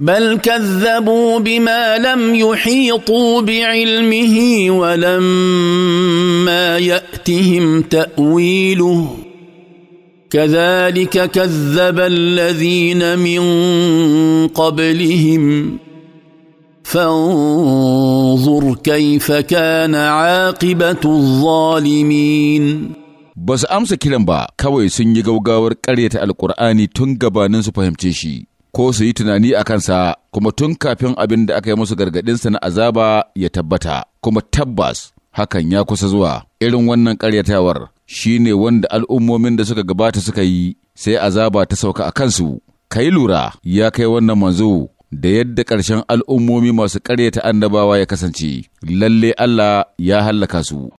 بل كذبوا بما لم يحيطوا بعلمه ولما ياتهم تاويله كذلك كذب الذين من قبلهم فانظر كيف كان عاقبه الظالمين ba su amsa kiran ba kawai sun yi gaugawar ƙaryata alkur'ani tun gabanin su fahimce shi ko su yi tunani a kansa kuma tun kafin abin da aka yi musu gargaɗinsa na azaba ya tabbata kuma tabbas hakan ya kusa zuwa irin wannan ƙaryatawar ne wanda al'ummomin da suka gabata suka yi sai azaba ta sauka a kansu kai lura ya kai wannan manzo da yadda ƙarshen al'ummomi masu ƙaryata annabawa ya kasance lalle Allah ya hallaka su